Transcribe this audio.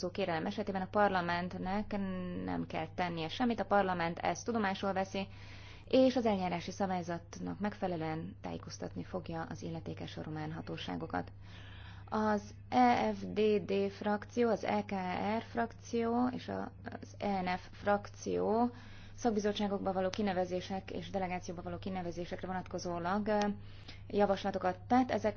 vonatkozó kérelem esetében a parlamentnek nem kell tennie semmit, a parlament ezt tudomásul veszi, és az eljárási szabályzatnak megfelelően tájékoztatni fogja az illetékes román hatóságokat. Az EFDD frakció, az EKR frakció és az ENF frakció szakbizottságokba való kinevezések és delegációba való kinevezésekre vonatkozólag eh, javaslatokat tett. Ezek